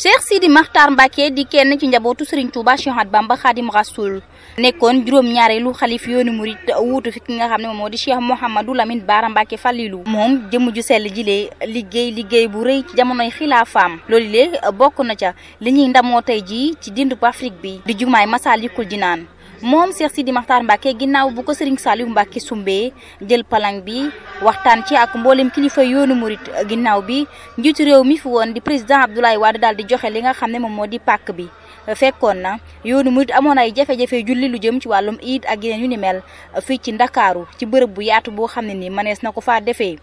Cheikh Sidi Makhtar Mbacke di kenn ci njabootu Serigne Touba Cheikh Ahmad Bamba Khadim Rasoul nekkoon juróom-ñaareelu xalif yoonu murit wuutu fi ki nga xam ne moom moo di Cheikh Mouhamadou Lamine Bara Mbacke Falilou moom jëmm ju sell jilee liggéey liggéey bu rëy ci jamonoy xilaafaam loolu léegi bokk na ca li ñuy ndamoo tey jii ci dindub Afrique bi di jumaay di naan moom Cheikh di Makhtar Mbacke ginnaaw bu ko Serigne Saliou Mbacke sumbee jël palang bi waxtaan ci ak mboolem kilifa yoonu murit ginnaaw bi njiitu réew mi fi woon di président Abdoulaye Wade daal di joxe li nga xam ne moom moo di pàkk bi. fekkoon na yoonu murit amoon ay jafe-jafe julli lu jëm ci wàllum iid ak yeneen yu ni mel fii ci ndakaaru ci bërëb bu yaatu boo xam ne ni manees na ko faa defee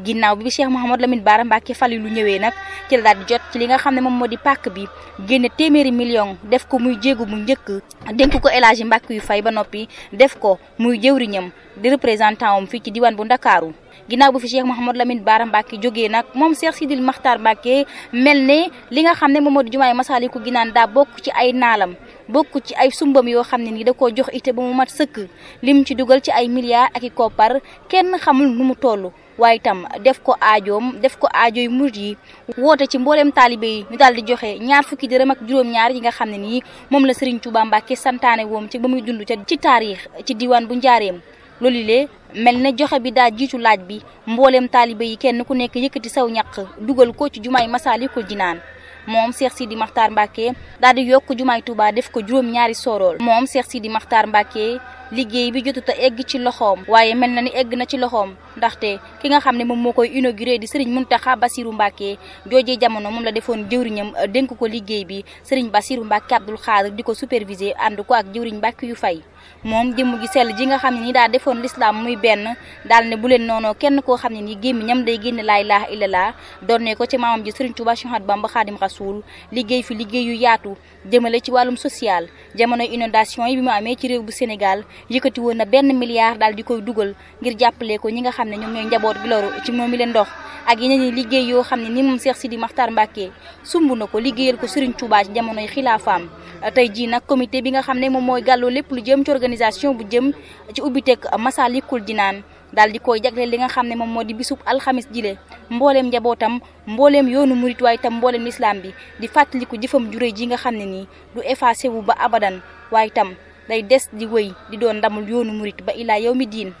ginnaaw bi Cheikh Mouhamadou Lamine Bara Mbacké fali lu ñëwee nag ci la daal jot ci li nga xam ne moom moo di pàkk bi génne téeméeri million def ko muy jéegu mu njëkk dénk ko El Hadji Mbacké yu fay ba noppi def ko muy jëwriñam di représentant am fii ci diwaan bu ndakaaru ginnaaw bu fi moom Mouhamadou Lamine Bara Mbacké jógee nag moom Cheikh Sidil Makhtar Mbacké mel ne li nga xam ne moom moo di jumaay Massalikul Jinaan daa bokk ci ay naalam bokk ci ay sumbam yoo xam ne nii da koo jox ite ba mu mat sëkk lim ci dugal ci ay milliards ak i koppar kenn xamul nu mu toll waaye itam def ko aajoom def ko aajo yu murit yi woote ci mbooleem taalibe yi ñu daal di joxe ñaar fukki dërëm ak juróom-ñaar yi nga xam ne nii moom la Serigne Touba Mbacké santaane woom ci ba muy dund ca ci taarix ci diwaan bu njaareem loolu lee mel na joxe bi daa jiitu laaj bi mbooleem taalibe yi kenn ku nekk yëkkati saw ñaq dugal ko ci jumaay Masaalikul naan moom Cheikh Sidi Makhtar Mbacké daal di yokk jumaay Touba def ko juróom ñaari soorool moom Cheikh Sidi Makhtar Mbacké liggéey bi jotut a egg ci loxoom waaye mel na ni egg na ci loxoom ndaxte ki nga xam ne moom moo koy inauguré di sëriñ Muntaxa Basiru Mbàkke joojee jamono moom la defoon jëwriñam euh, dénk ko liggéey bi sëriñ Basiru Mbàkke Abdul Xaadir di ko superviser ànd ko ak jëwriñ Mbàkke yu fay moom jëmm ju sell ji nga xam ne ni daa defoon lislaam muy benn daal ne bu leen kenn koo xam ne ni gémmiñam day génne laa ilaaha illallah doonne ko ci maamam ji Sëriñ Tuubaa Ahmadu Bamba Xaadim Rasuul liggéey liggéey yu yaatu jëmale ci wàllum social jamono inondation yi bi mu amee ci réew bu Sénégal yëkkati woon na benn milliard daal di koy dugal ngir jàppale ko ñi nga xam ne ñoom ñooy njaboot gi loru ci moom mi leen ndox ak yeneen i liggéey yoo xam ne ni moom Cheikh Sidi Makhtar Mbacké sumb na ko liggéeyal ko Sëriñ Tuubaa ci jamonoy xilaafaam tey jii nag comité bi nga xam ne moom mooy gàlloo lépp lu jëm ci organisation bu jëm ci ubbiteg Massalikul Jinaan daal di koy jagleel li nga xam ne moom moo di bisub alxamis jile mbooleem njabootam mbooleem yoonu murit waaye itam mbooleem lislaam bi di fàttaliku jëfam jure ji nga xam ne nii du effacé wu ba abadan waaye itam day des di wéy di doon ndamul yoonu murit ba ilaa yow mi diin